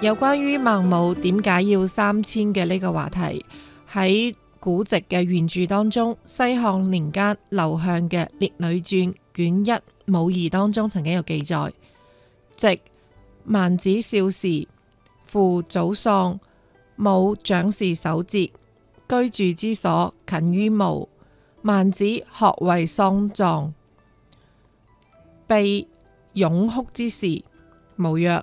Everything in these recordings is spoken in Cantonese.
有關於孟母點解要三遷嘅，呢個話題，喺古籍嘅原著當中，西漢年間劉向嘅《列女傳》卷一《母儀》當中曾經有記載：即孟子少時，父祖喪，母長事守節，居住之所近於墓。孟子學為喪葬，被擁哭之時，母曰。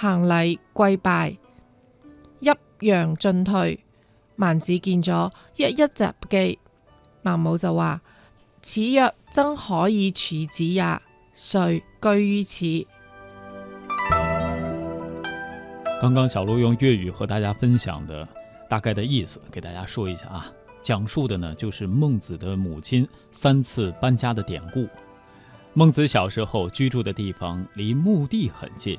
行禮跪拜，揖讓進退。孟子見咗，一一習記。孟母就話：此若真可以處子也，遂居於此。剛剛小路用粵語和大家分享的大概的意思，給大家說一下啊。講述的呢，就是孟子的母親三次搬家的典故。孟子小時候居住的地方離墓地很近。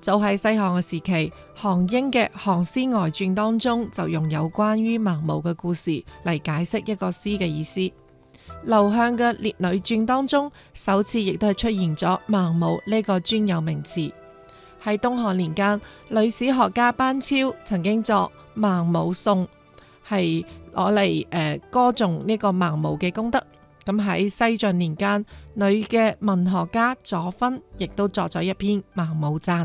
早喺西漢嘅時期，韓英嘅《韓詩外傳》當中就用有關於孟母嘅故事嚟解釋一個詩嘅意思。劉向嘅《列女傳》當中首次亦都係出現咗孟母呢個專有名詞。喺東漢年間，女史學家班超曾經作《孟母頌》，係攞嚟誒歌頌呢個孟母嘅功德。咁喺西晉年間，女嘅文學家左芬亦都作咗一篇《孟母讚》。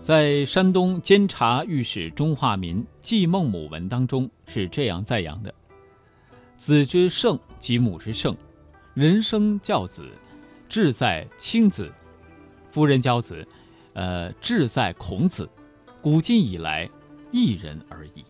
在山東監察御史鍾化民《祭孟母文》當中是這樣贊揚的：“子之聖及母之聖，人生教子，志在親子；夫人教子，呃，志在孔子。古今以來，一人而已。”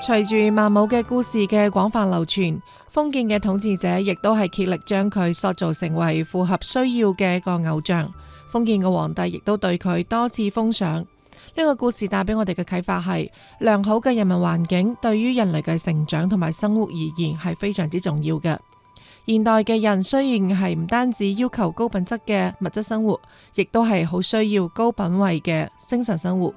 隨著孟母嘅故事嘅廣泛流傳，封建嘅統治者亦都係竭力將佢塑造成為符合需要嘅一個偶像。封建嘅皇帝亦都對佢多次封賞。呢個故事帶俾我哋嘅啟發係良好嘅人民環境對於人類嘅成長同埋生活而言係非常之重要嘅。現代嘅人雖然係唔單止要求高品質嘅物質生活，亦都係好需要高品位嘅精神生活。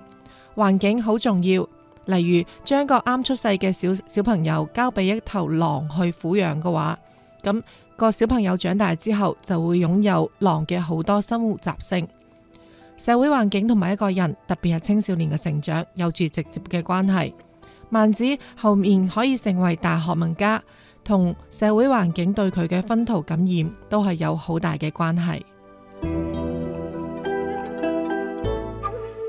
環境好重要，例如將個啱出世嘅小小朋友交俾一頭狼去撫養嘅話，咁。個小朋友長大之後就會擁有狼嘅好多生活習性，社會環境同埋一個人，特別係青少年嘅成長，有住直接嘅關係。孟子後面可以成為大學問家，同社會環境對佢嘅熏陶感染，都係有好大嘅關係。